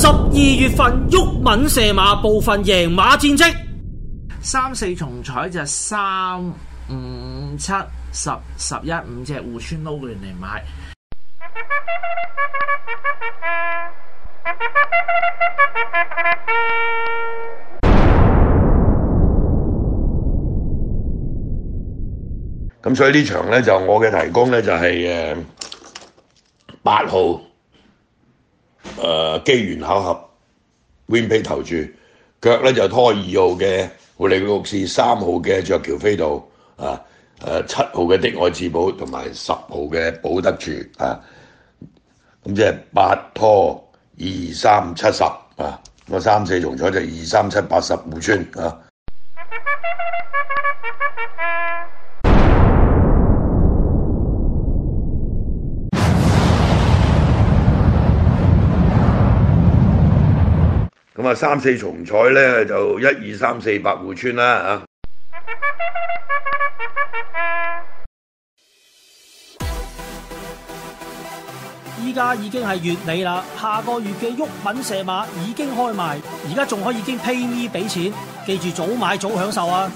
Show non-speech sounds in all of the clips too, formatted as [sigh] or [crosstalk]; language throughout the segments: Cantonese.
十二月份毓民射馬部分贏馬戰績，三四重彩就三五七十十一五隻戶村撈亂嚟買。咁所以呢場呢，就我嘅提供呢，就係誒八號。誒、啊，機緣巧合，WinPay 投注腳咧就拖二號嘅霍利居士，三號嘅雀橋飛度啊，七號嘅的愛智保同埋十號嘅保德住啊，咁即係八拖二三七十啊，三四重彩就二三七八十互串。啊。啊。咁啊，三四重彩咧就一二三四百戶村啦吓，依家已經係月尾啦，下個月嘅玉品射馬已經開賣，而家仲可以經 pay me 俾錢，記住早買早享受啊！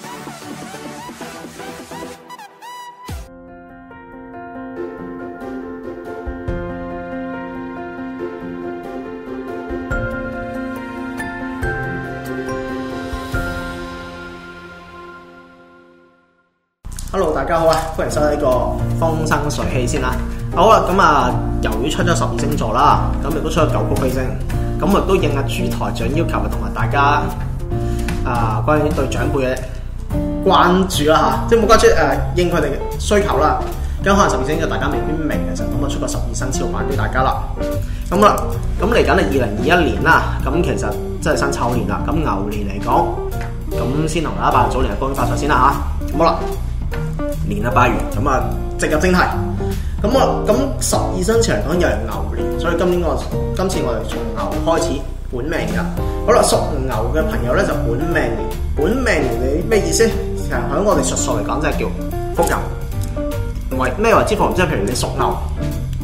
大家好啊！歡迎收睇呢個風生水起先啦。好啦，咁啊，由於出咗十二星座啦，咁亦都出咗九宮飛星，咁啊都應住台長要求同埋大家啊、呃，關於對長輩嘅關注啦吓，即係冇關即係誒應佢哋嘅需求啦。因為可能十二星座大家未必明嘅就咁啊，出個十二生肖版俾大家啦。咁啦，咁嚟緊啊，二零二一年啦，咁其實真係辛丑年啦。咁牛年嚟講，咁先同大家拜早年嘅恭喜發財先啦吓。咁好啦。年一拜元咁啊，直入正題。咁啊，咁十二生肖嚟講又係牛年，所以今年我今次我哋從牛開始本命噶。好啦，屬牛嘅朋友咧就是，本命年。本命年你咩意思？成喺我哋術數嚟講就係叫伏吟。為咩為之伏吟？即係譬如你屬牛，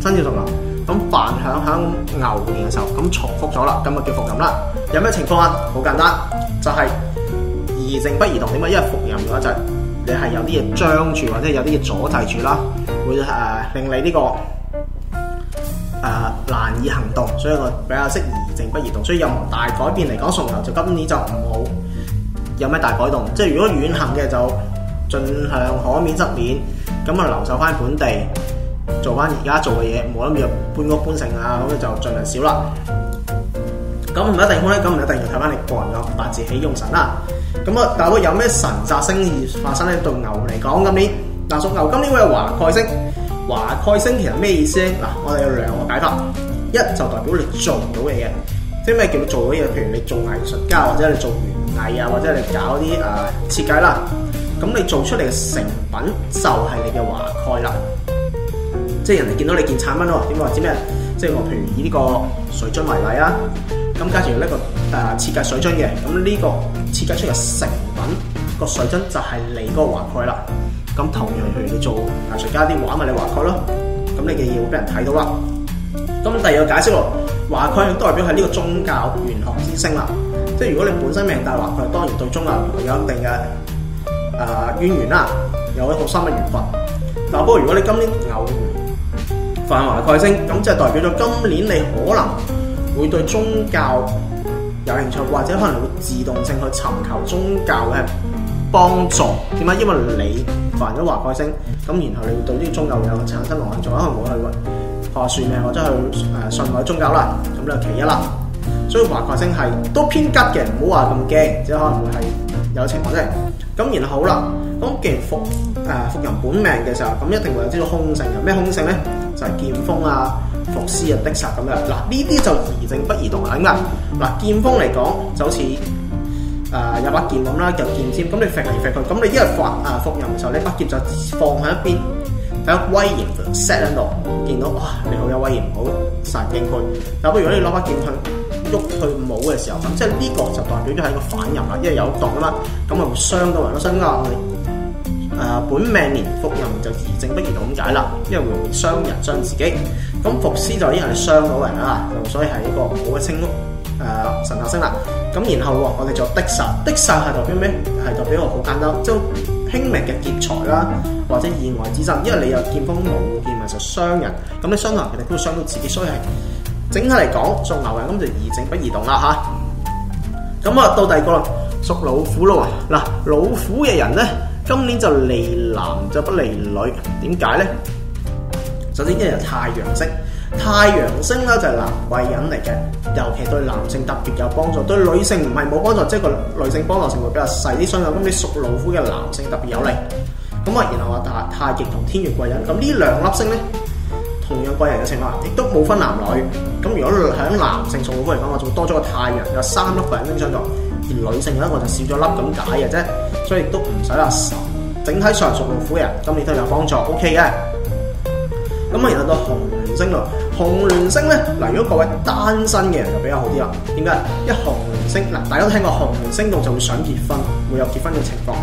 生肖屬牛，咁扮響響牛年嘅時候，咁重複咗啦，咁啊叫伏吟啦。有咩情況啊？好簡單，就係宜靜不宜動。點解？因為伏吟嘅話就係，是。係有啲嘢，障住，或者有啲嘢阻滯住啦，會誒、呃、令你呢、這個誒、呃、難以行動，所以個比較適宜靜不宜動。所以任何大改變嚟講，送流就今年就唔好有咩大改動。即係如果遠行嘅就盡量可免則免，咁啊留守翻本地做翻而家做嘅嘢，冇諗住搬屋搬城啊，咁就盡量少啦。咁唔一定，咁唔一定，要睇翻你個人嘅八字喜用神啦。咁啊，大概有咩神煞生意發生咧？對牛嚟講，今年嗱，屬牛今年會係華蓋星。華蓋星其實咩意思呢？嗱，我哋有兩個解法，一就代表你做唔到嘢嘅，即係咩叫做到嘢？譬如你做藝術家或者你做園藝啊，或者你搞啲誒設計啦，咁、呃、你做出嚟嘅成品就係你嘅華蓋啦。即係人哋見到你件產品咯，點話知咩？即係我，譬如以呢個水樽為例啊，咁加住呢個。誒設計水樽嘅，咁呢個設計出嘅成品，個水樽就係你個華蓋啦。咁同樣，如果你做藝術家啲畫咪你華蓋咯，咁你嘅嘢會俾人睇到啦。咁第二個解釋喎，華蓋代表係呢個宗教玄學之星啦。即係如果你本身命帶華蓋，當然對宗教有一定嘅誒、呃、淵源啦，有一好深嘅緣分。嗱，不過如果你今年偶犯華蓋星，咁即係代表咗今年你可能會對宗教有興趣，或者可能會自動性去尋求宗教嘅幫助，點解？因為你犯咗華蓋星，咁然後你會對呢個宗教有產生嚟興趣，可能我去誒算命，或者去誒、呃、信某宗教啦，咁咧係其一啦。所以華蓋星係都偏吉嘅，唔好話咁驚，只可能會係有情況啫。咁然後好啦，咁既然復誒、呃、復人本命嘅時候，咁一定會有啲咁嘅空性，有咩空性咧？就係劍鋒啊、伏屍啊、的殺咁樣，嗱呢啲就宜靜不宜動嚟噶。嗱劍鋒嚟講，就好似誒有把劍咁啦，有劍尖，咁你揈嚟揈去，咁你一日發啊服人嘅時候，呢把劍就放喺一邊，等威嚴 set 喺度，見到哇你好有威嚴，唔好殺人驚佢。但係不如如果你攞把劍去喐佢舞嘅時候，咁即係呢個就代表都係一個反刃啦，因為有毒噶嘛，咁咪會傷到人咯，身硬去。誒，本命年服任就宜靜不宜動咁解啦，因為會傷人傷自己。咁服師就呢樣係傷到人啦，所以係一個好嘅、呃、星，誒神煞星啦。咁然後我哋做的煞，的煞係代表咩？係代表我好簡單，即係輕微嘅劫財啦，或者意外之災。因為你有見風冇見物，就傷人。咁你傷人，其實都會傷到自己，所以係整體嚟講做牛人咁就宜靜不宜動啦吓。咁啊，到第二個屬老虎咯，嗱老虎嘅人咧。今年就利男就不利女，點解呢？首先一日太陽星，太陽星咧就係男貴人嚟嘅，尤其對男性特別有幫助，對女性唔係冇幫助，即係個女性幫助程度比較細啲。所以咁，你屬老虎嘅男性特別有利。咁啊，然後話太太極同天乙貴人，咁呢兩粒星呢，同樣貴人嘅情況，亦都冇分男女。咁如果喺男性屬老虎嚟講，我仲多咗個太陽，有三粒貴人拎上座，而女性咧我就少咗粒，咁解嘅啫。所以都唔使話愁，整體上屬老虎嘅人今年都有幫助，OK 嘅。咁啊，然後到紅鸞星咯，紅鸞星咧，嗱，如果各位單身嘅人就比較好啲啦。點解？一紅鸞星，嗱，大家都聽過紅鸞星度就會想結婚，會有結婚嘅情況。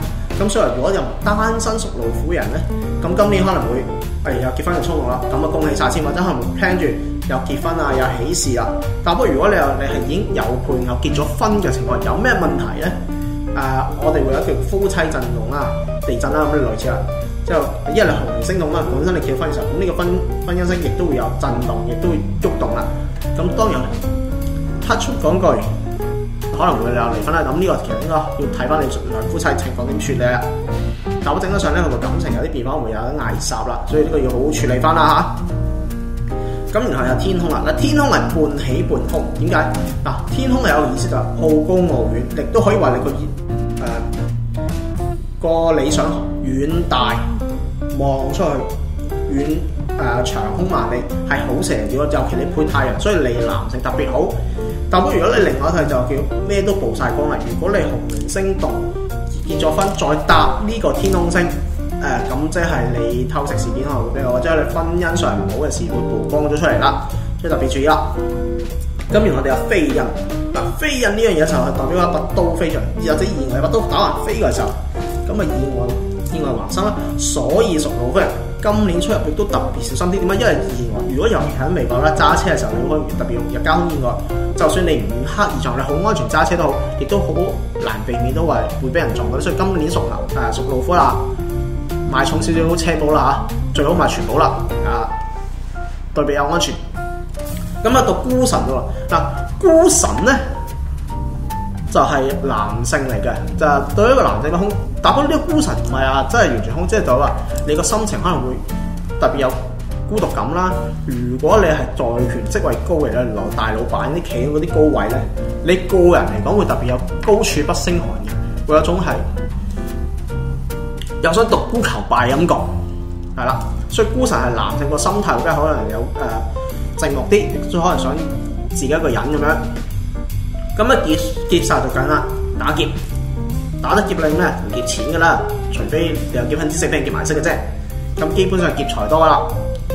咁所以，如果又單身屬老虎嘅人咧，咁今年可能會誒、哎、有結婚嘅衝動啦。咁啊，恭喜晒先或者可能聽住有結婚啊有喜事啦。但不過如果你又你係已經有伴又結咗婚嘅情況，有咩問題咧？誒、呃，我哋會有一對夫妻震動啦、啊，地震啦咁嘅類似啦，之後一係紅星動啦，本身你結婚嘅時候，咁呢個婚婚姻星亦都會有震動，亦都會喐動啦、啊。咁當然 touch wood 講句可能會有離婚啦，咁呢個其實應該要睇翻你兩夫妻情況點處理啦。但我整體上咧，佢感情有啲變化會有啲捱煞啦，所以呢個要好好處理翻啦吓，咁然後有天空啦、啊，嗱天空係半起半空，點解，嗱天空係有個意思就係好高傲遠，亦都可以話你個熱。個理想遠大，望出去遠誒、呃、長空萬里係好蛇鳥，尤其你配太陽，所以你男性特別好。但如果你另外一睇就叫咩都曝晒光啦。如果你紅鸞星動結咗婚，再搭呢個天空星誒，咁、呃、即係你偷食事件可能會比較，即係你婚姻上唔好嘅事會曝光咗出嚟啦，所以特別注意啦。咁然後我哋有飛印，嗱飛印呢樣嘢就係代表一把刀飛出嚟，或者意為一把刀打橫飛嘅時候。咁啊意外意外，橫生啦，所以屬老虎啊！今年出入亦都特別小心啲，點解？因為意外，如果尤其喺美國咧揸車嘅時候，你可以特別容易入交通意外。就算你唔刻意撞，你好安全揸車都好，亦都好難避免都話會俾人撞到。所以今年屬牛誒，屬、啊、老虎啦，買重少少車保啦吓，最好買全保啦啊，對比又安全。咁啊到孤神喎，嗱、啊、孤神咧就係、是、男性嚟嘅，就係、是、對一個男性嘅空。打係呢個孤神唔係啊，真係完全空，即係就話你個心情可能會特別有孤獨感啦。如果你係在權職位高嘅咧，留大老闆啲企嗰啲高位咧，你個人嚟講會特別有高處不勝寒嘅，會有一種係又想獨孤求敗嘅感覺，係啦。所以孤神係男性個心態咧，可能有誒寂寞啲，可能想自己一個人咁樣。咁啊劫劫煞就緊啦，打劫。打得劫你咩？唔劫錢噶啦，除非你有劫分之四俾人劫埋色嘅啫。咁基本上劫財多㗎啦。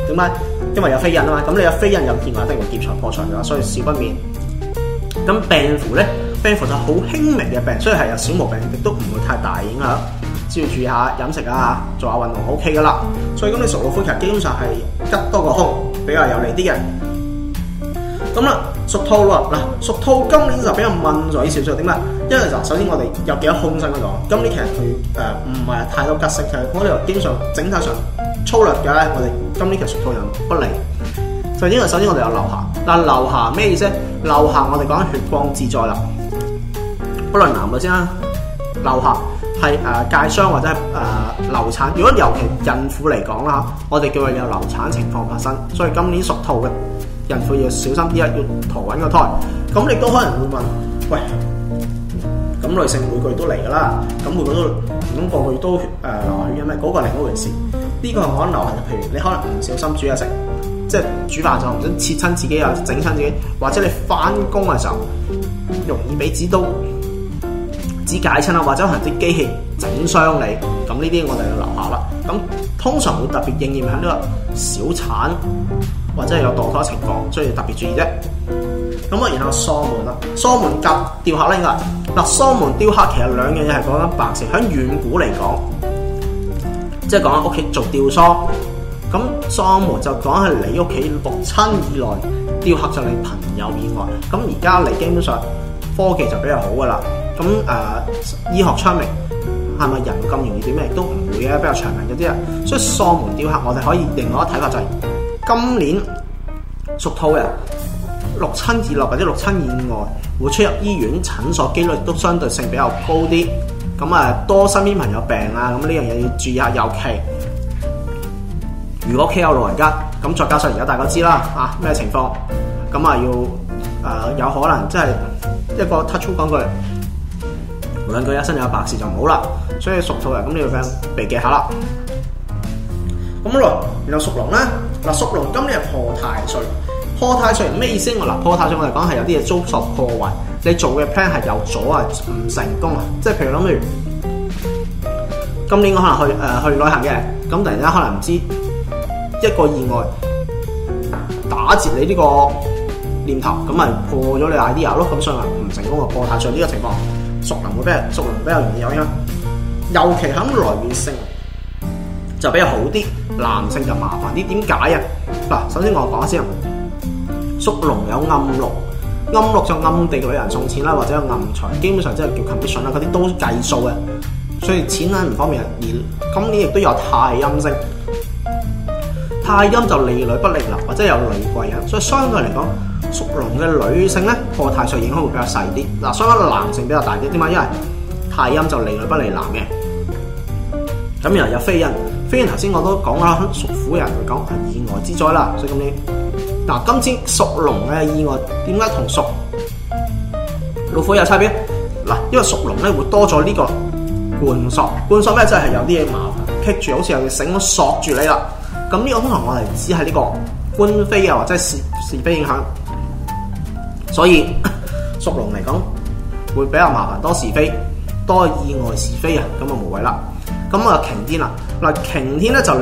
點解？因為有飛印啊嘛。咁你有飛印有劫嘅得一定會劫財破財㗎啦，所以少不免。咁病符咧，病符就好輕微嘅病，雖然係有小毛病，亦都唔會太大影響，只要注意下飲食啊，做下運動，O K 噶啦。所以咁你屬虎其實基本上係吉多過凶，比較有利啲嘅。咁啦，屬兔啦，嗱，屬兔今年就比較問嘴少少，點解？一首先我哋有幾多少空身嗰度？今年其實佢誒唔係太多格式，我哋又經常整體上粗略嘅咧。我哋今年其實屬兔人不利。就因為首先我哋有流下，嗱流下咩意思？流下我哋講血光之災啦，不論男嘅先啦，流下係誒介傷或者係誒、呃、流產。如果尤其孕婦嚟講啦，我哋叫佢有流產情況發生，所以今年屬兔嘅孕婦要小心啲啊，要逃穩個胎。咁你都可能會問，喂？咁女性每個月都嚟噶啦，咁每個都咁個個月都誒、呃、流血嘅咩嗰個另一回事，呢、這個我諗留下。譬如你可能唔小心煮嘢食，即係煮飯就唔想切親自己啊，整親自己，或者你翻工嘅時候容易俾紙刀紙解親啊，或者可能啲機器整傷你。咁呢啲我哋要留下啦。咁通常會特別應驗喺呢個小產或者係有墮胎情況，所以要特別注意啫。咁啊，然後鎖門啦，鎖門夾應該吊客拎噶。嗱，喪門弔客，其實兩樣嘢係講緊白事，響遠古嚟講，即係講喺屋企做吊喪，咁喪門就講係你屋企六親以內，弔客就你朋友以外。咁而家嚟，基本上科技就比較好噶啦，咁誒、呃、醫學昌明，係咪人咁容易點咩？亦都唔會啊，比較長命咗啲啊，所以喪門弔客，我哋可以另外一睇法就係，今年屬兔嘅。六親以內或者六親以外，會出入醫院診所機率都相對性比較高啲。咁啊，多身邊朋友病啊，咁呢樣嘢要注意下。尤其如果屋企有老人家，咁再加上而家大家知啦，啊咩情況？咁啊要誒、呃、有可能即係一個 touch 粗講句，無論佢一生有白事就唔好啦。所以屬兔人咁呢位 f r i e 避忌下啦。咁嚟，然後屬龍啦。嗱，屬龍今日破太歲。破太歲咩意思呢？嗱，破太歲我哋講係有啲嘢遭受破壞，你做嘅 plan 係有阻啊唔成功啊，即係譬如諗住今年我可能去誒、呃、去旅行嘅，咁突然間可能唔知一個意外打折你呢個念頭，咁咪破咗你 idea 咯，咁所以唔成功嘅。破太歲呢個情況，屬龍會比較，屬龍比較容易有樣，尤其喺來源性就比較好啲，男性就麻煩啲，點解啊？嗱，首先我講先。屬龍有暗祿，暗祿就暗地嘅女人送錢啦，或者有暗財，基本上即係叫 commission 啦，嗰啲都計數嘅。所以錢呢唔方便，而今年亦都有太陰星，太陰就利女不利男，或者有女貴人。所以相對嚟講，屬龍嘅女性咧，破太歲影響會比較細啲。嗱，所以男性比較大啲，點解？因為太陰就利女不利男嘅。咁然後有飛人，飛人頭先我都講啦，屬虎嘅人嚟講係意外之災啦。所以咁你。嗱，今次屬龍嘅意外，點解同屬老虎有差別？嗱，因為屬龍咧會多咗呢個貫索。貫索咧真係有啲嘢麻煩，棘住好似有條繩索，索住你啦。咁呢個通常我哋只係呢個官非啊，或者係是非影響，所以屬龍嚟講會比較麻煩，多是非，多意外是非啊，咁啊無謂啦。咁啊，擎天啦嗱，擎天咧就誒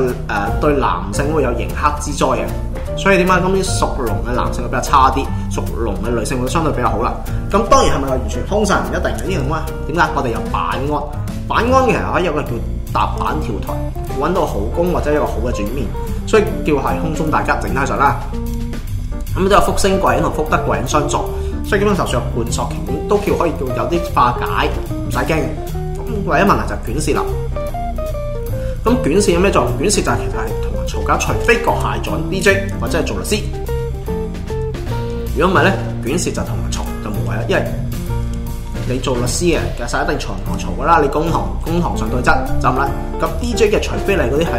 對男性會有刑克之災嘅，所以點解咁啲屬龍嘅男性會比較差啲，屬龍嘅女性會相對比較好啦。咁當然係咪話完全凶晒唔一定嘅呢樣嘢？點解？我哋有板安，板安其實嘅時候有個叫踏板跳台，搵到好工或者一個好嘅轉面，所以叫係空中大吉。整體上啦，咁都有福星貴人同福德貴人相助，所以基本上上盤索擎天，都叫可以叫有啲化解，唔使驚。咁唯一問題就卷舌啦。咁捲舌有咩作用？捲舌就係同埋嘈架，除非個鞋准 DJ 或者係做律師。如果唔係咧，捲舌就同埋嘈就冇謂啦，因為你做律師嘅其實一定嘈同嘈噶啦，你公行，公行上對質就唔、是、得。咁 DJ 嘅除非你嗰啲係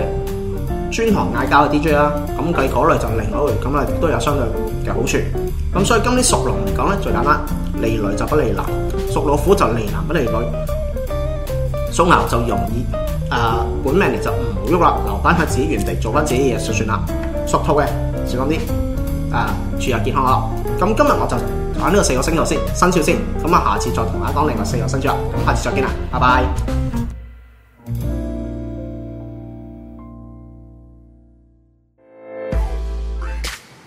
專行嗌交嘅 DJ 啦，咁計嗰類就另外一回事，咁啊都有相對嘅好處。咁所以今年屬龍嚟講咧最簡單，利女就不利男；屬老虎就利男不利女；屬牛就容易啊。呃本命年就唔好喐啦，留翻喺自己原地做翻自己嘢就算啦，熟套嘅，少講啲，啊，注意健康咯。咁今日我就玩呢個四個星座先，生肖先，咁啊，下次再同大家講另外四個生肖。咁下次再見啦，拜拜。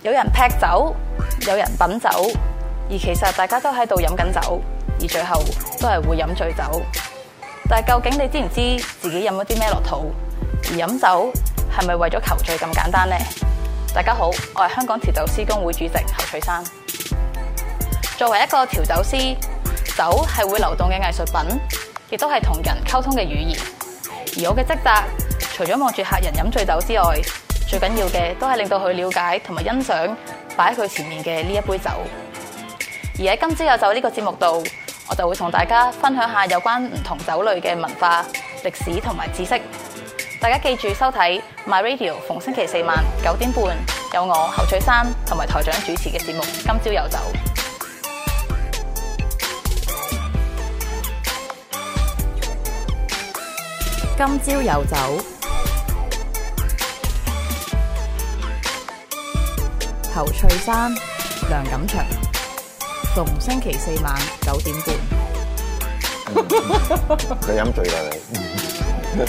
有人劈酒，有人品酒，而其實大家都喺度飲緊酒，而最後都係會飲醉酒。但究竟你知唔知自己飲咗啲咩落肚？而飲酒係咪為咗求醉咁簡單呢？大家好，我係香港調酒師工會主席侯翠珊。作為一個調酒師，酒係會流動嘅藝術品，亦都係同人溝通嘅語言。而我嘅職責，除咗望住客人飲醉酒之外，最緊要嘅都係令到佢了解同埋欣賞擺喺佢前面嘅呢一杯酒。而喺今朝有酒呢個節目度，我就會同大家分享下有關唔同酒類嘅文化,歷史同埋知識.大家記住收睇 My Radio 逢星期四晚九點半,有我侯翠珊同埋台長主持嘅節目,今朝有酒!今朝有酒,侯翠珊,梁錦祥!逢星期四晚九點半，佢飲醉啦！你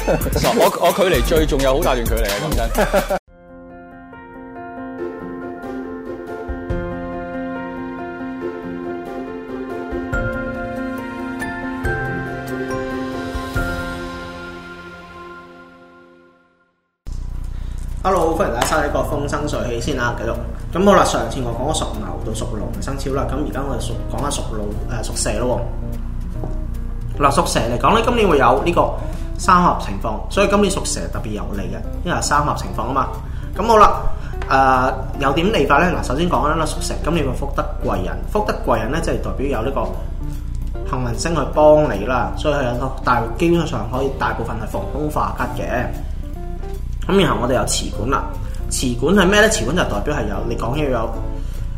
我我距離最仲有好大段距離啊！認真。Hello，歡迎大家收睇呢個風生水起先啦，繼續。咁好啦，上次我講咗屬牛到屬龍生肖啦，咁而家我哋屬講下屬龍誒屬蛇咯，啊。嗱，屬蛇嚟講咧，今年會有呢個三合情況，所以今年屬蛇特別有利嘅，因為係三合情況啊嘛。咁好啦，誒、呃、有點利法咧？嗱，首先講一粒屬蛇，今年會福德貴人，福德貴人咧即係代表有呢個幸運星去幫你啦，所以係有大基本上可以大部分係逢凶化吉嘅。咁然後我哋有辭館啦。詞館係咩咧？詞館就係代表係有，有，就係，有你講要有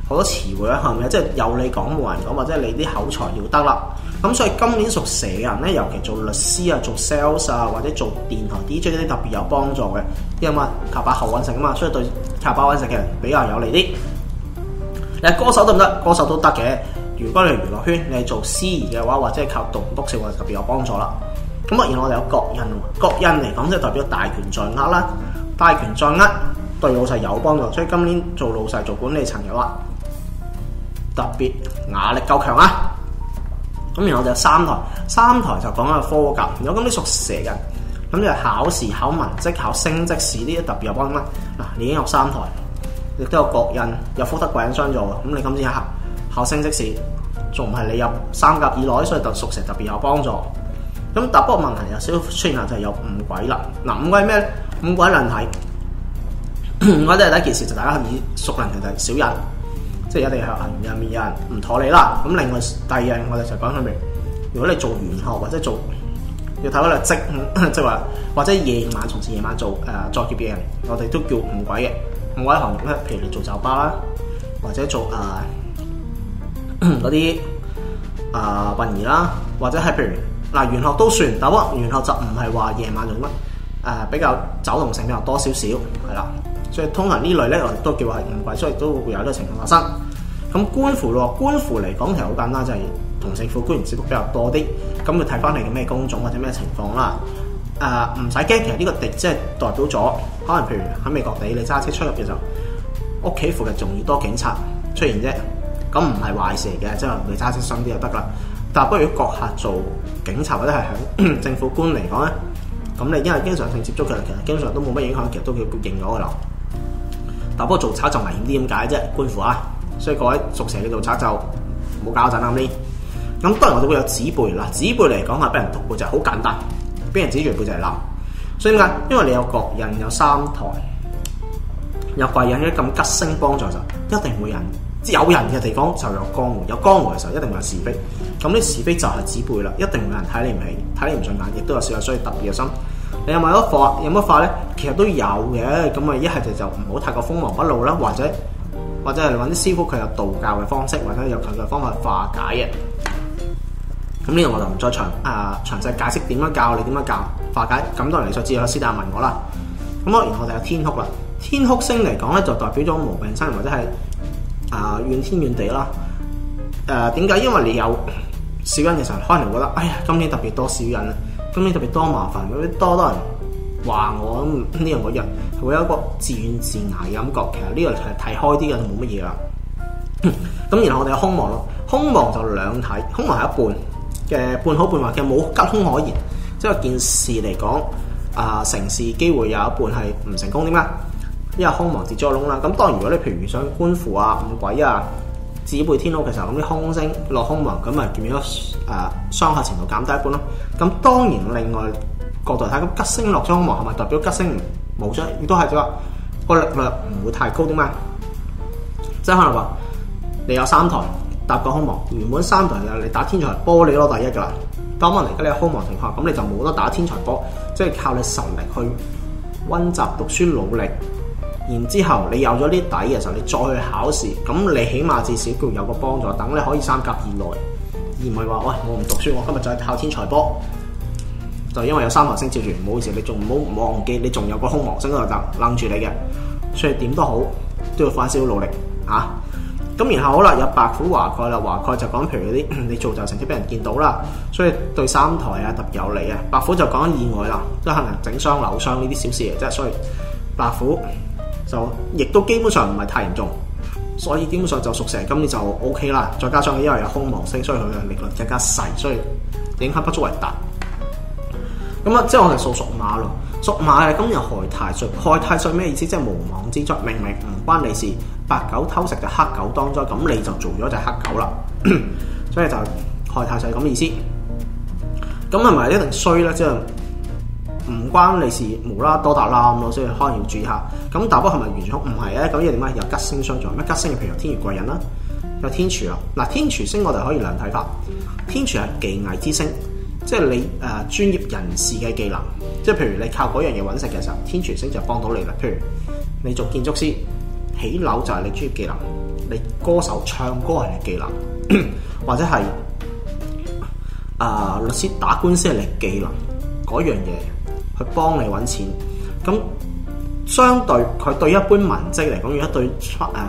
好多詞彙啦，係咪即係有你講冇人講，或者你啲口才要得啦。咁所以今年屬蛇嘅人咧，尤其做律師啊、做 sales 啊或者做電台 DJ 呢啲特別有幫助嘅，因為靠把口揾食啊嘛，所以對靠把口揾食嘅人比較有利啲。嗱，歌手得唔得？歌手都得嘅。如果你係娛樂圈，你係做司儀嘅話，或者係靠讀讀詞，話特別有幫助啦。咁啊，然後我哋有國印，國印嚟講即係代表大權在握啦，大權在握。對老細有幫助，所以今年做老細做管理層嘅話，特別壓力夠強啊。咁然後就三台，三台就講緊係科甲，有咁啲屬蛇嘅，咁就考試考文職考升職試呢啲特別有幫啦。嗱，你已經有三台，亦都有國印，有福德貴人相助嘅，咁你今次考升職試，仲唔係你入三甲以內，所以對熟特屬蛇特別有幫助。咁答個問題有少少出現下就係有五鬼啦。嗱，五鬼咩咧？五鬼論體。 [coughs] 我哋第一件事就大家以熟人就少人，即係一定係人入面有人唔妥你啦。咁另外第二樣我哋就講佢面，如果你做玄學或者做要睇下你職，即係話或者夜晚從事夜晚做誒作業嘅人，我哋都叫五鬼嘅五鬼行業咧。譬如你做酒吧啦，或者做誒嗰啲誒殯儀啦，或者係譬如嗱玄、呃、學都算，但屈玄學就唔係話夜晚做乜誒、呃、比較走動性比較多少少係啦。所以通行類呢類咧，我都叫話係唔貴，所以都會有呢個情況發生。咁官符咯，官符嚟講其實好簡單，就係、是、同政府官員接觸比較多啲。咁佢睇翻你嘅咩工種或者咩情況啦。唔使驚，其實呢個敵即係代表咗，可能譬如喺美國地，你揸車出入嘅時候，屋企附近仲要多警察出現啫。咁唔係壞事嚟嘅，即、就、係、是、你揸車深啲就得啦。但係不如果閣下做警察或者係響 [coughs] 政府官嚟講咧，咁你因為經常性接觸佢，其實經常都冇乜影響，其實都叫勁咗噶啦。但不過做賊就危險啲，點解啫？官府啊，所以各位熟蛇嘅做賊就唔好搞震啦，咁啲。咁當然我哋會有指背嗱，指背嚟講係俾人篤背就係好簡單，俾人指住背就係鬧。所以點解？因為你有個人有三台，有貴人嘅咁吉星幫助就一定會有人。即有人嘅地方就有江湖，有江湖嘅時候一定會有是非。咁呢是非就係指背啦，一定會有人睇你唔起，睇你唔順眼，亦都有少少需要特別嘅心。你有冇得化？有得化咧？其實都有嘅。咁啊，一係就就唔好太過鋒芒畢露啦，或者或者係揾啲師傅，佢有道教嘅方式或者有佢嘅方法化解嘅。咁呢度我就唔再詳啊、呃、詳細解釋點樣教你點樣教化解。咁多人嚟就之有師大問我啦。咁我然後就有天哭啦。天哭星嚟講咧，就代表咗無病呻，或者係啊怨天怨地啦。誒、呃，點解？因為你有小人嘅時候，可能會覺得哎呀，今年特別多小人啊。咁你特別多麻煩，啲多多人話我咁呢樣嗰樣，這個、會有一個自怨自艾嘅感覺。其實呢個係睇開啲嘅，冇乜嘢啦。咁然後我哋有空亡咯，空亡就兩睇，空亡係一半嘅半好半壞，其實冇吉凶可言。即、就、係、是、件事嚟講，啊成事機會有一半係唔成功啲咩？因為空亡係捉窿啦。咁當然如果你譬如想官符啊、五鬼啊，止背天空嘅時候，咁啲空星落空亡，咁咪變咗誒傷害程度減低一半咯。咁當然另外角度睇，咁吉星落空亡係咪代表吉星唔冇咗？亦都係就話個力量唔會太高啲咩？即係可能話你有三台搭個空亡，原本三台你打天才波你攞第一㗎啦。但問嚟家你空亡情況，咁你就冇得打天才波，即係靠你神力去溫習讀書努力，然之後，你有咗啲底嘅時候，你再去考試，咁你起碼至少具有個幫助。等你可以三甲以內，而唔係話喂，我唔讀書，我今日就係考天才波。就因為有三行星照住，唔好意思，你仲唔好忘記，你仲有個空亡星喺度擸楞住你嘅。所以點都好都要發燒努力嚇。咁、啊、然後好啦，有白虎華蓋啦，華蓋就講譬如嗰啲你做就成績俾人見到啦，所以對三台啊特別有利啊。白虎就講意外啦，即係可能整傷扭傷呢啲小事嚟啫。所以白虎。就亦都基本上唔係太嚴重，所以基本上就屬蛇今年就 O K 啦。再加上因為有空亡性，所以佢嘅力量更加細，所以影響不足為大。咁啊，即係我哋數屬馬咯。屬馬啊，今日害太歲。害太歲咩意思？即係無妄之災，明明唔關你事，白狗偷食就黑狗當災，咁你就做咗就黑狗啦。所以就害太歲咁意思。咁係咪一定衰呢？即係。唔關你事，無啦多打啦咁咯，所以可能要注意下。咁大波係咪完全唔係啊？咁依家點解？有吉星相助，咩吉星？譬如天月貴人啦，有天廚啊。嗱，天廚星我哋可以兩睇法。天廚係技藝之星，即係你誒、呃、專業人士嘅技能。即係譬如你靠嗰樣嘢揾食嘅時候，天廚星就幫到你啦。譬如你做建築師，起樓就係你專業技能；你歌手唱歌係你的技能，或者係啊、呃、律師打官司係你的技能嗰樣嘢。去幫你揾錢，咁相對佢對一般文職嚟講，如果對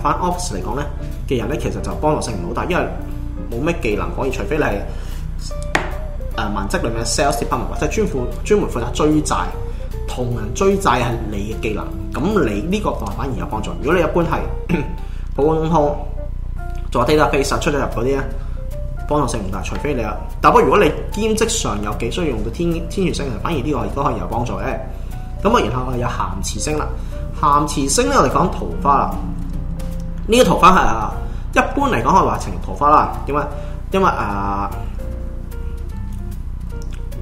翻 office 嚟講咧嘅人咧，其實就幫助性唔好大，因為冇咩技能講。而除非你係誒文職裡面嘅 sales department，或者專負專門負責追債、同人追債係你嘅技能，咁你呢個話反而有幫助。如果你一般係普通通做 data fee 出咗入嗰啲咧。幫助性唔大，除非你啊。但不過如果你兼職上有幾需要用到天天元星嘅人，反而呢個亦都可以有幫助嘅。咁啊，然後我哋有咸池星啦。咸池星咧，我哋講桃花啦。呢、這個桃花係啊，一般嚟講可以話情慾桃花啦。點解？因為啊，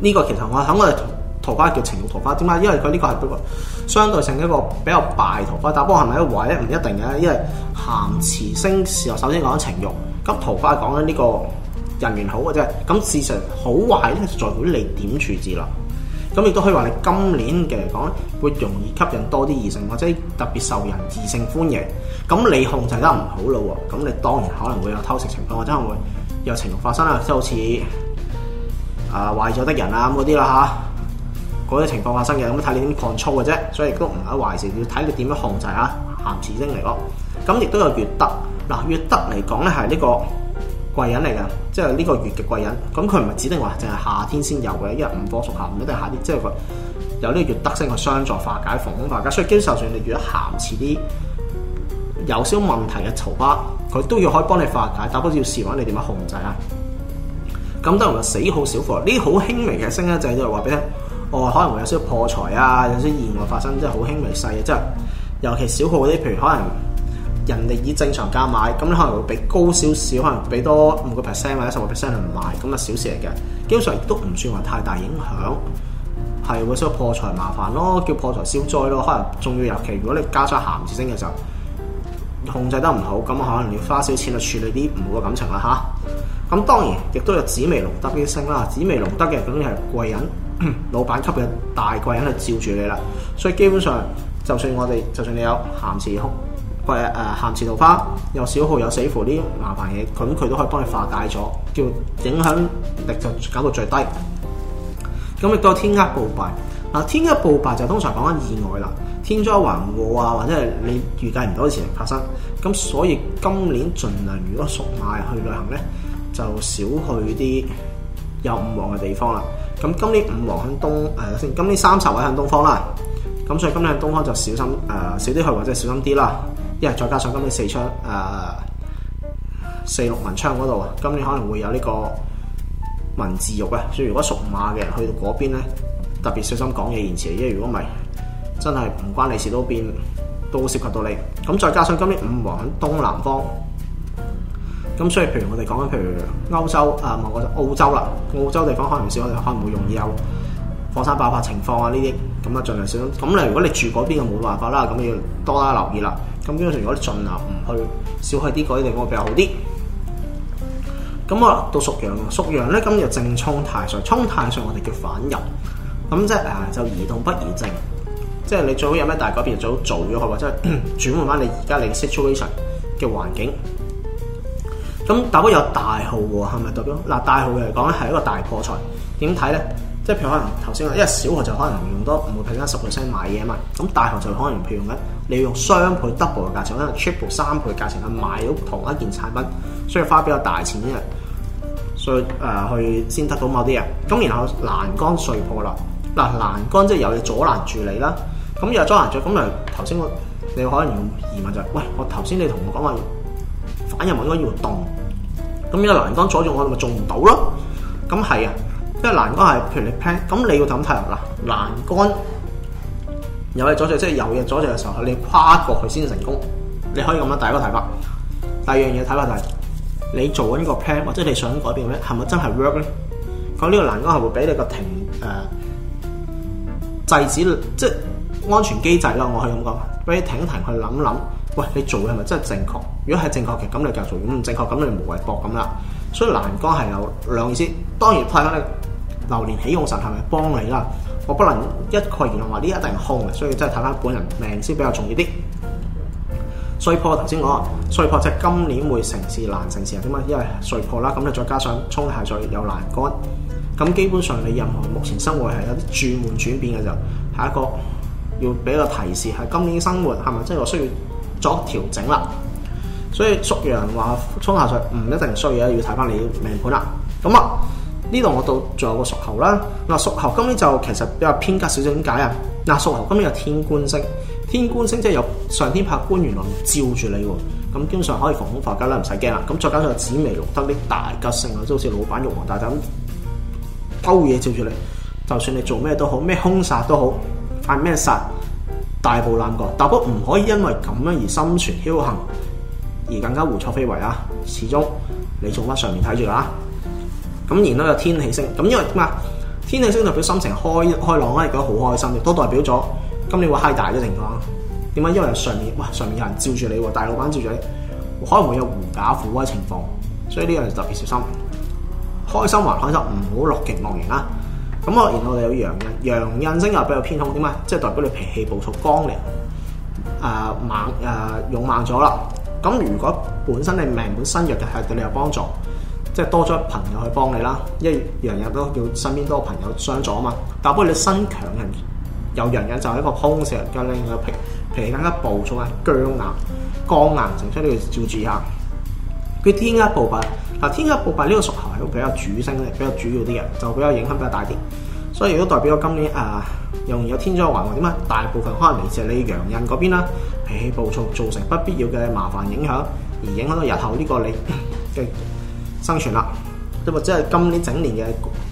呢、這個其實我喺我哋桃花叫情慾桃花，點解？因為佢呢個係一個相對性嘅一個比較敗桃花。但不過係咪一位壞咧，唔一定嘅。因為咸池星時候首先講情欲。咁桃花講緊呢、這個。人緣好嘅啫，咁事實好壞咧就在乎你點處置啦。咁亦都可以話你今年嘅嚟講咧，會容易吸引多啲異性，或者特別受人異性歡迎。咁你控制得唔好嘞喎，咁你當然可能會有偷食情況，或者可能會有情況發生啦，即好似啊、呃、壞咗得人啊咁嗰啲啦嚇，嗰啲、那個、情況發生嘅，咁睇你點控操嘅啫。所以亦都唔係壞事，要睇你點樣控制啊鹹池精嚟咯。咁亦都有越得。嗱，越得嚟講咧係呢個。貴人嚟㗎，即係呢個月嘅貴人。咁佢唔係指定話，淨係夏天先有嘅，因為五科屬夏，唔一定夏天。即係個有呢個月德星嘅相助化解、防化解。所以基本上你遇咗咸遲啲有少問題嘅嘈巴，佢都要可以幫你化解。但不重要事，話你點樣控制啊？咁都係死好小火，呢啲好輕微嘅星啊，就係話俾你，哦，可能會有少破財啊，有少意外發生，即係好輕微細嘅，即係尤其小號啲，譬如可能。人哋以正常價買，咁咧可能會畀高少少，可能畀多五個 percent 或者十個 percent 去買，咁啊小事嚟嘅，基本上亦都唔算話太大影響，係會使破財麻煩咯，叫破財消災咯，可能仲要尤其，如果你加咗鹹字星嘅時候，控制得唔好，咁可能要花少錢去處理啲唔好嘅感情啦吓，咁當然亦都有紫微龍德嘅星啦，紫微龍德嘅咁你係貴人、老闆級嘅大貴人去照住你啦，所以基本上就算我哋，就算你有鹹字空。個誒咸池桃花，有小號有死符呢啲麻煩嘢，咁佢都可以幫你化解咗，叫影響力就搞到最低。咁亦都有天厄暴敗嗱，天厄暴敗就係、通常講緊意外啦，天災橫禍啊，或者係你預計唔到嘅事情發生。咁所以今年儘量如果屬馬去旅行咧，就少去啲有五黃嘅地方啦。咁今年五黃喺東誒、呃、先，今年三煞位向東方啦。咁所以今年向東方就小心誒、呃、少啲去，或者小心啲啦。因為再加上今年四槍誒、呃、四六文昌嗰度啊，今年可能會有呢個文字獄啊。所以如果屬馬嘅去到嗰邊咧，特別小心講嘢言辭。因為如果唔係，真係唔關你事都變都涉及到你。咁再加上今年五黃喺東南方，咁所以譬如我哋講緊，譬如歐洲啊，咪我就澳洲啦，澳洲地方可能少，我哋可能會容易有火山爆發情況啊，呢啲咁啊，儘量小心。咁你如果你住嗰邊就冇辦法啦，咁要多加留意啦。咁如果成日我盡量唔去少去啲嗰啲地方比較好啲。咁啊到屬羊咯，屬羊咧今日正沖太歲，沖太歲我哋叫反入，咁即係啊就移動不移正。即係你最好有咩大改變，最好做咗佢或者轉換翻你而家你 situation 嘅環境。咁大波有大號喎，係咪代表嗱、啊、大號嚟講咧係一個大破財？點睇咧？即係譬如可能頭先話，因為小學就可能用多，唔會平均十 percent 買嘢嘛。咁大學就可能譬如用緊，你要用雙倍 double 嘅價錢，可能 triple 三倍價錢去買到同一件產品，所以花比較大錢嘅，所以誒去先得到某啲嘢。咁然後欄杆碎破啦。嗱，欄杆即係有嘢阻攔住你啦。咁又阻攔住，咁嚟頭先我你可能用疑問就係、是：喂，我頭先你同我講話反應冇咁熱動，咁呢個欄杆阻住我，咪做唔到咯。咁係啊。因為欄杆係譬如你 plan，咁你要咁睇啦。欄杆有嘢阻住，即係有嘢阻住嘅時候，你跨過去先至成功。你可以咁樣第一個睇法。第二樣嘢睇法就係、是、你做緊個 plan 或者你想改變咩，係咪真係 work 咧？咁、這、呢個欄杆係會俾你個停誒、呃、制止，即係安全機制啦。我可以咁講，俾你停一停去諗諗。喂，你做嘅係咪真係正確？如果係正確嘅，咁你繼續做；如果唔正確，咁你，你無謂搏咁啦。所以欄杆係有兩意思，當然派翻你。流年喜用神係咪幫你啦？我不能一概而論話呢一定係空嘅，所以真係睇翻本人命先比較重要啲。歲破頭先我話，歲破即係今年會成事難成事啊？點解？因為歲破啦，咁你再加上沖下水有難幹，咁基本上你任何目前生活係有啲轉換轉變嘅，就係一個要俾個提示，係今年生活係咪真係我需要作調整啦？所以屬羊話沖下水唔一定衰嘅，要睇翻你的命盤啦。咁啊～呢度我到仲有個屬猴啦，嗱屬猴今年就其實比較偏吉少少，點解啊？嗱屬猴今年有天官星，天官星即係有上天派官員，嚟照住你喎，咁基本上可以逢凶化吉啦，唔使驚啦。咁再加上紫微綠、玉德啲大吉星啦，即好似老闆玉皇大帝咁，嘢照住你，就算你做咩都好，咩凶煞都好，犯咩煞，大步躝過，但不唔可以因為咁樣而心存僥倖，而更加胡作非為啊！始終你做翻上面睇住啦。咁然後就天氣星。咁因為點啊？天氣星代表心情開開朗啦，亦都好開心，都代表咗今年會 high 大嘅情況。點解？因為上面哇，上面有人照住你，大老闆照住你，可能會有狐假虎威情況，所以呢樣特別小心。開心還開心，唔好樂極忘形啦。咁我然後我哋有陽印，陽印星又比較偏空，點咩？即係代表你脾氣暴躁光、光、呃、烈、啊、呃、猛、勇猛咗啦。咁如果本身你命本身弱嘅，係對你有幫助。即係多咗朋友去幫你啦，因為陽刃都要身邊多個朋友相助啊嘛。但不過你身強人有陽刃就係一個兇星，嘅令個脾脾氣更加暴躁啊，僵硬、剛硬，整出呢個照住下，佢天一部分，嗱，天一部分呢個屬猴係比較主星嘅，比較主要啲嘅，就比較影響比較大啲。所以如果代表我今年誒，有、啊、唔有天災橫禍點啊？大部分可能嚟自你陽刃嗰邊啦，脾氣暴躁造成不必要嘅麻煩影響，而影響到日後呢個你嘅。生存啦，亦或者係今年整年嘅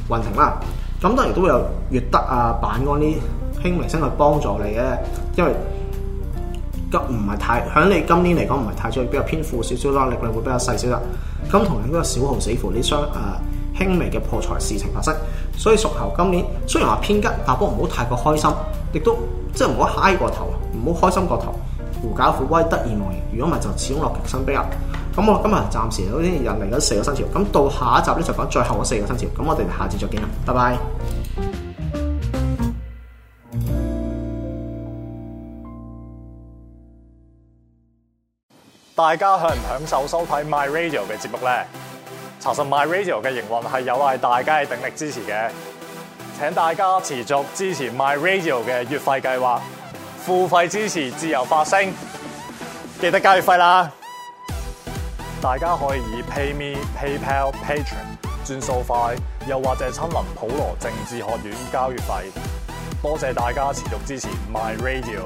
運程啦。咁當然都會有月德啊、板啲呢輕微星去幫助你嘅，因為今唔係太響你今年嚟講唔係太出，比較偏負少少啦，力量會比較細少啦。咁同樣都有小耗死符，啲相啊輕微嘅破財事情發生。所以屬猴今年雖然話偏吉，但不過唔好太過開心，亦都即係唔好嗨過頭，唔好開心過頭。狐假虎威，得意忘形，如果唔係就始終樂極生悲啦。咁我今日暫時嗰啲又嚟咗四個生肖，咁到下一集咧就講最後嘅四個生肖。咁我哋下次再見啦，拜拜！大家享唔享受收睇 My Radio 嘅節目咧？查實 My Radio 嘅營運係有賴大家嘅鼎力支持嘅。請大家持續支持 My Radio 嘅月費計劃，付費支持自由發聲，記得交月費啦。大家可以以 PayMe、PayPal、Patreon 轉數快，又或者親臨普羅政治學院交月費。多謝大家持續支持 My Radio。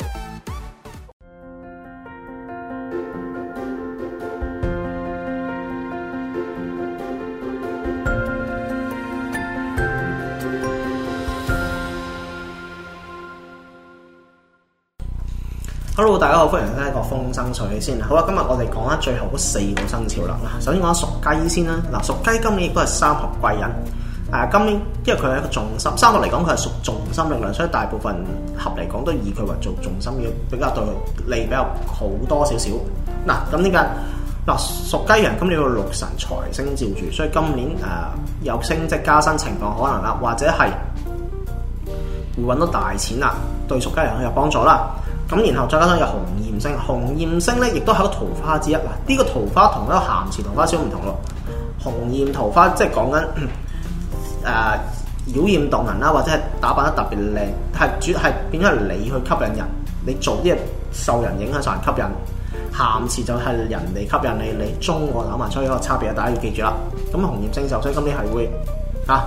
Hello，大家好，歡迎。風生水起先啦，好啊！今日我哋講下最後嗰四個生肖啦。首先講下屬雞先啦。嗱，屬雞今年亦都係三合貴人。啊、呃，今年因為佢係一個重心，三合嚟講佢係屬重心力量，所以大部分合嚟講都以佢為做重心，要比較對利比較好多少少。嗱、呃，咁點解？嗱，屬雞人今年要六神財星照住，所以今年、呃、有升職加薪情況可能啦，或者係會搵到大錢啦，對屬雞人有幫助啦。咁然後再加上有紅艷星，紅艷星咧，亦都係個桃花之一。嗱，呢個桃花同一個鹹池桃花少唔同咯。紅艷桃花即係講緊誒妖艷動人啦，或者係打扮得特別靚，係主係變咗係你去吸引人，你做啲受人影響，受人吸引。鹹池就係人哋吸引你，你中我諗埋出一個差別，大家要記住啦。咁紅艷星就所以今年係會啊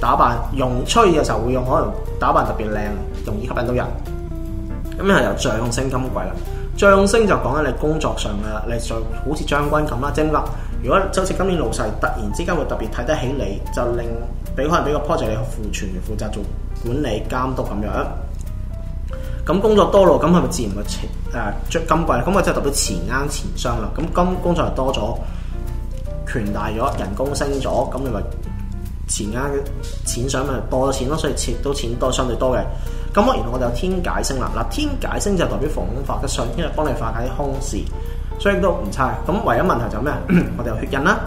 打扮用吹嘅時候會用，可能打扮特別靚，容易吸引到人。咁樣係由將星金貴啦，將星就講緊你工作上嘅，你像好似將軍咁啦，精係如果就好似今年老細突然之間會特別睇得起你，就令俾可能俾個 project 你去負全負責做管理監督咁樣，咁工作多咯，咁係咪自然咪前誒著金貴？咁咪即係特別錢啱錢商啦。咁今工作又多咗，權大咗，人工升咗，咁你咪錢啱嘅錢上咪多咗錢咯，所以錢都錢多相對多嘅。咁啊，然後我哋有天解星啦，嗱，天解星就代表逢運化得順，因為幫你化解空凶事，所以都唔差。咁唯一問題就咩？ [coughs] 我哋有血印啦，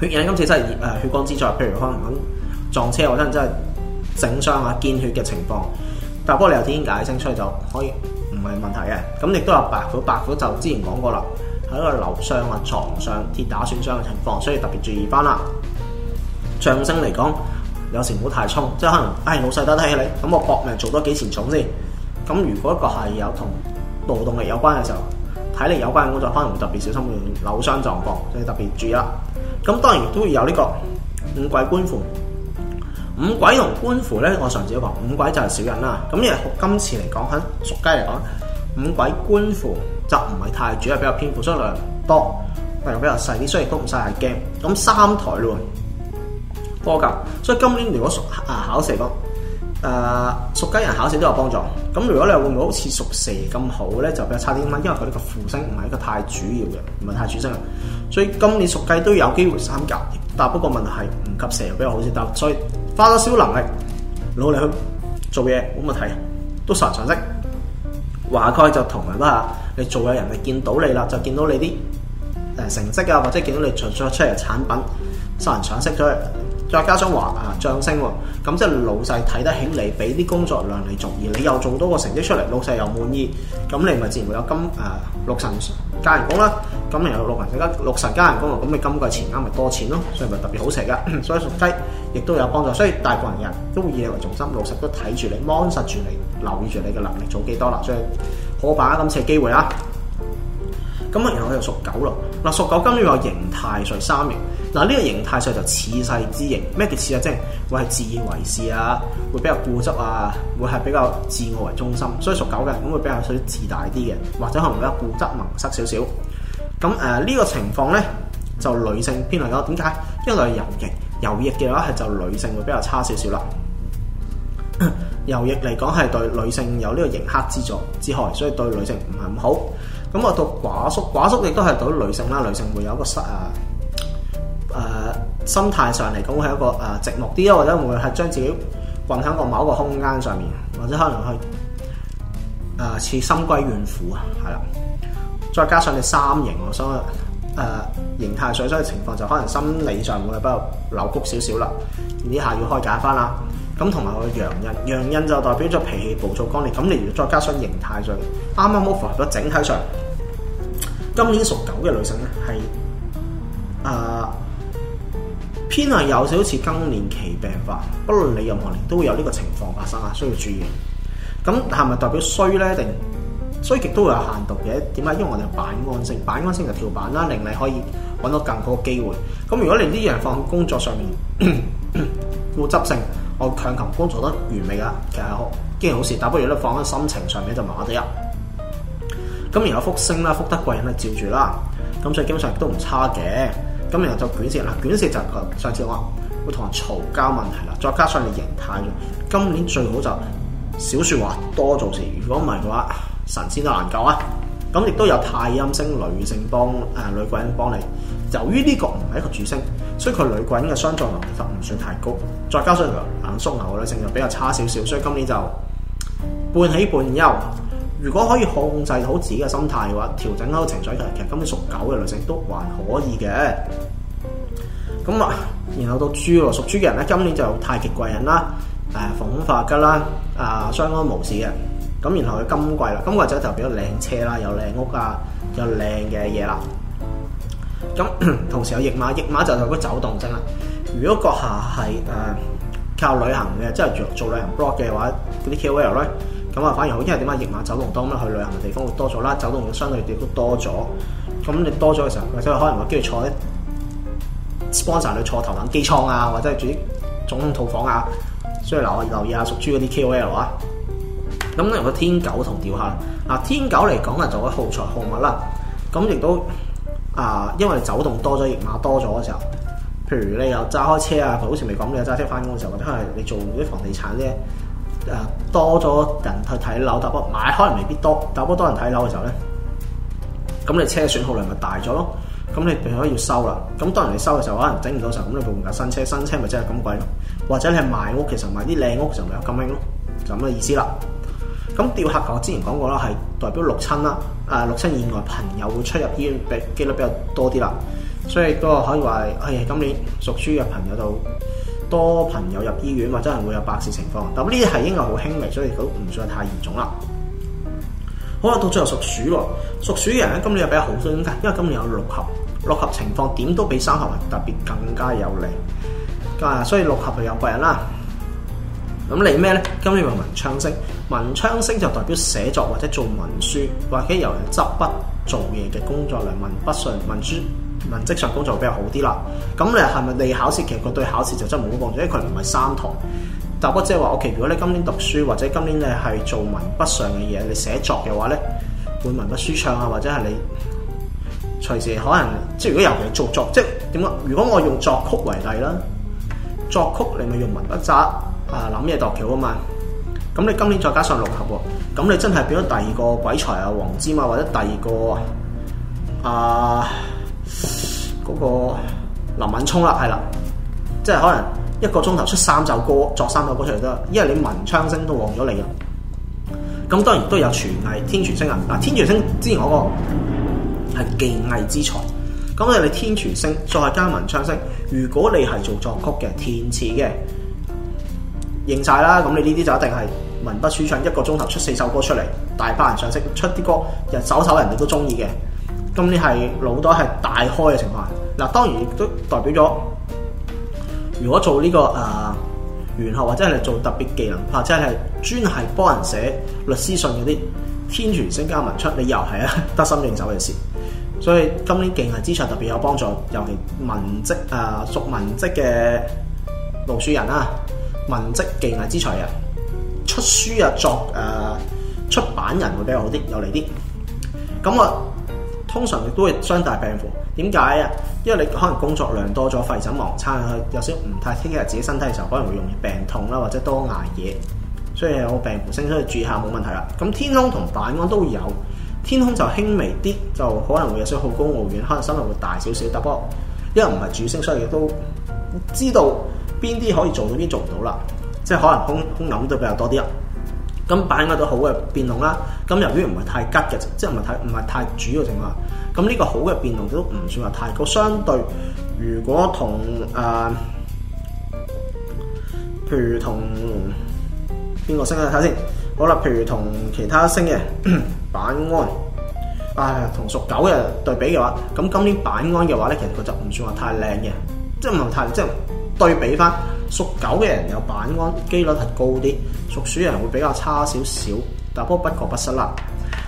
血印今次真係誒血光之災，譬如可能咁撞車或者真係整傷啊、見血嘅情況。但係不過你有天解星出去就可以唔係問題嘅，咁亦都有白虎，白虎就之前講過啦，喺個樓上啊、床上跌打損傷嘅情況，所以特別注意翻啦。象升嚟講，有時唔好太衝，即係可能，唉、哎，老細得睇起你，咁我搏命做多幾錢重先。咁如果一個係有同勞動力有關嘅時候，體力有關嘅工作，可能會特別小心會扭傷狀況，所以特別注意啦。咁當然都會有呢、這個五鬼官符。五鬼同官符咧，我上次都講，五鬼就係小人啦。咁因為今次嚟講，喺屬雞嚟講，五鬼官符就唔係太主要，是比較偏負，所以量多，但又比較細啲，雖然都唔曬驚。咁三台論，噶，所以今年如果屬啊考蛇，誒、呃、屬雞人考試都有幫助。咁如果你會唔會好似屬蛇咁好咧，就比較差啲咁啦。因為佢呢個副星唔係一個太主要嘅，唔係太主星啦。所以今年屬雞都有機會三甲，但不過問題係唔及蛇比較好啲。但所以花咗少能力努力去做嘢，冇問題，都受人賞識。話概就同啦嚇，你做嘅人哋見到你啦，就見到你啲誒成績啊，或者見到你出咗出嚟嘅產品受人賞識咗。上再加上話啊，漲升喎，咁即係老細睇得起你，俾啲工作量你做，而你又做多個成績出嚟，老細又滿意，咁你咪自然會有金啊、呃、六神加人工啦。咁又有六，人家六神加六神加人工，咁你今季錢啱咪多錢咯，所以咪特別好食噶。所以屬雞亦都有幫助。所以大部分人都以你為重心，老實都睇住你，監實住你，留意住你嘅能力做幾多啦。所以好把握今次機會啦、啊。咁啊，然後佢又屬狗咯。嗱，屬狗今年有刑太歲、三刑。嗱，呢個刑太歲就恃勢之刑，咩叫恃啊？即係會係自以為是啊，會比較固執啊，會係比較自我為中心。所以屬狗嘅咁會比較屬於自大啲嘅，或者可能比較固執萌一點點、盲塞少少。咁呢個情況咧，就女性偏能夠。點解？因為遊役、遊役嘅話係就女性會比較差少少啦。遊役嚟講係對女性有呢個刑克之助之害，所以對女性唔係咁好。咁我讀寡宿，寡宿亦都係到女性啦。女性會有一個失啊、呃，心態上嚟講，係一個誒、呃、寂寞啲啊，或者會係將自己混喺個某一個空間上面，或者可能去、呃、似深閨怨婦啊，啦。再加上你三型，所、呃、以形型態上，所嘅情況就可能心理上會比較扭曲少少啦。呢下要開解翻啦。咁同埋個羊刃，羊刃就代表咗脾氣暴躁乾裂。咁你如果再加上形態上啱啱 f 符合咗整體上，今年屬狗嘅女性咧，係啊、呃、偏係有少少似更年期病發。不論你任何年都會有呢個情況發生啊，需要注意。咁係咪代表衰咧？定衰極都會有限度嘅。點解？因為我哋攀鞍星，攀鞍星就跳板啦，令你可以搵到更好嘅機會。咁如果你啲嘢放喺工作上面固執性。我強求工作得完美啦，其實好，既然好事，但不如都放喺心情上面，就麻麻哋啦。咁然後福星啦，福德貴人咧照住啦，咁所以基本上都唔差嘅。咁然後就捲舌啦，捲舌就上次話會同人嘈交問題啦，再加上你形態，今年最好就少説話多做事，如果唔係嘅話，神仙都難救啊。咁亦都有太陰星女性幫誒、呃、女貴人幫你，由於呢個唔係一個主星，所以佢女鬼嘅相撞能力就唔算太高。再加上佢硬縮牛嘅女性就比較差少少，所以今年就半喜半憂。如果可以控制好自己嘅心態嘅話，調整好情緒，其實今年屬狗嘅女性都還可以嘅。咁啊，然後到豬咯，屬豬嘅人咧，今年就太極貴人啦，誒逢凶化吉啦，啊，的啊相安無事嘅。咁然後佢金貴啦，金貴就就變咗靚車啦，有靚屋啊，有靚嘅嘢啦。咁同時有翼馬，翼馬就係個走動症啦。如果閣下係靠旅行嘅，即係做旅行 blog 嘅話，嗰啲 K O L 咧，咁啊反而好，因為點解翼馬走動多，咁去旅行嘅地方會多咗啦，走動嘅相對亦都多咗。咁你多咗嘅時候，或者可能話跟住坐啲 sponsor 去坐頭等機艙啊，或者住啲總統套房啊，所以留意留意下屬豬嗰啲 K O L 啊。咁另外個天狗同吊客，天狗嚟講啊，就會耗財耗物啦，咁亦都。啊，因為你走動多咗，驛馬多咗嘅時候，譬如你又揸開車啊，佢好似未講你有揸車翻工嘅時候，或者係你做啲房地產咧，啊、呃、多咗人去睇樓，但不過買可能未必多，但不過多人睇樓嘅時候咧，咁你車損耗量咪大咗咯，咁你譬如可以要收啦。咁當人哋收嘅時候，可能整唔到時候，咁你換架新車，新車咪真係咁貴咯，或者你係賣屋，其實賣啲靚屋就咪有咁興咯，就咁嘅意思啦。咁吊客，我之前講過啦，係代表六親啦，啊六親以外朋友會出入醫院，比機率比較多啲啦。所以都係可以話，哎今年屬豬嘅朋友就多朋友入醫院，或者係會有白事情況。咁呢啲係應該好輕微，所以都唔算太嚴重啦。好啦，到最後屬鼠喎，屬鼠嘅人咧今年又比較好，點解？因為今年有六合，六合情況點都比三合特別更加有利。咁啊，所以六合就有貴人啦。咁你咩咧？今年係文昌星，文昌星就代表寫作或者做文書，或者由人執筆做嘢嘅工作，量。文筆上、文書、文職上工作比較好啲啦。咁你係咪你考試？其實對考試就真係冇乜幫助，因為佢唔係三堂。但不過即係話，我、OK, 其實如果你今年讀書，或者今年你係做文筆上嘅嘢，你寫作嘅話咧，會文筆舒暢啊，或者係你隨時可能，即係如果由人做作，即係點講？如果我用作曲為例啦，作曲你咪用文筆札。啊！諗咩度橋啊嘛？咁你今年再加上六合喎、哦，咁你真係變咗第二個鬼才啊，黃霑啊，或者第二個啊嗰、那個林敏聰啦、啊，係啦，即係可能一個鐘頭出三首歌，作三首歌出嚟得，因為你文昌星都旺咗你嘅。咁當然都有廚藝天廚星啊，嗱天廚星之前嗰、那個係技藝之才，咁你天廚星再加文昌星，如果你係做作曲嘅填詞嘅。認晒啦，咁你呢啲就一定係文筆舒暢一個鐘頭出四首歌出嚟，大班人賞識，出啲歌日首首人哋都中意嘅。今年係腦袋係大開嘅情況，嗱當然亦都代表咗，如果做呢、這個誒玄學或者係做特別技能，或者係專係幫人寫律師信嗰啲，天全星交文出，你又係啊得心應手嘅事。所以今年競業資產特別有幫助，尤其文職誒、呃、屬文職嘅勞鼠人啊。文職技藝之才啊，出書啊作誒、呃、出版人會比較好啲有利啲。咁我、啊、通常亦都會傷大病符，點解啊？因為你可能工作量多咗，廢寢忘餐，佢有少少唔太聽日自己身體嘅時候，可能會容易病痛啦，或者多捱夜。所以有病符星，所以注意下冇問題啦。咁天空同板安都有，天空就輕微啲，就可能會有少少好高騖遠，可能身量會大少少。但不過因為唔係主星，所以亦都知道。邊啲可以做到，邊做唔到啦？即係可能空空諗都比較多啲啦。咁把握都好嘅變動啦。咁由於唔係太急嘅，即係唔係太唔係太主要嘅情況下。咁呢個好嘅變動都唔算話太過。相對如果同誒、呃，譬如同邊個升啊？睇先看看。好啦，譬如同其他升嘅 [coughs] 板安，唉、哎，同屬狗嘅對比嘅話，咁今年板安嘅話咧，其實佢就唔算話太靚嘅，即係唔係太即係。對比翻，屬狗嘅人有板安，機率係高啲；屬鼠嘅人會比較差少少，但不過不過不失啦。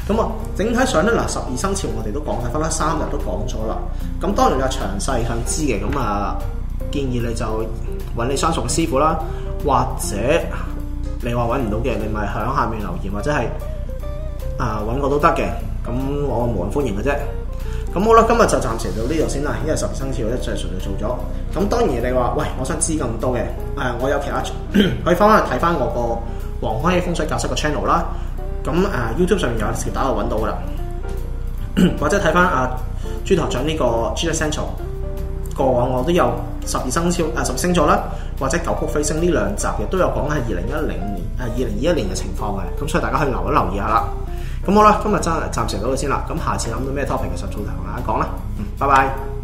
咁啊，整體上咧嗱，十二生肖我哋都講曬返啦，三日都講咗啦。咁當然有詳細想知嘅，咁啊建議你就揾你相熟嘅師傅啦，或者你話揾唔到嘅，你咪響下面留言或者係啊揾個都得嘅。咁我冇人歡迎嘅啫。咁好啦，今日就暫時到呢度先啦，因為十二生肖咧就純粹做咗。咁當然你話，喂，我想知咁多嘅、呃，我有其他可以翻去睇翻我個黃康禧風水教室嘅 channel 啦。咁、呃、YouTube 上面有時打我揾到噶啦，或者睇翻阿朱台長呢個朱德 Central，過往我都有十二生肖啊、呃，十二星座啦，或者九宮飛星呢兩集，亦都有講係二零一零年二零二一年嘅情況嘅，咁所以大家可以留一留意一下啦。咁好啦，今日真係暫時到度先啦，咁下次諗到咩 topic 嘅時候，早同大家講啦，嗯，拜拜。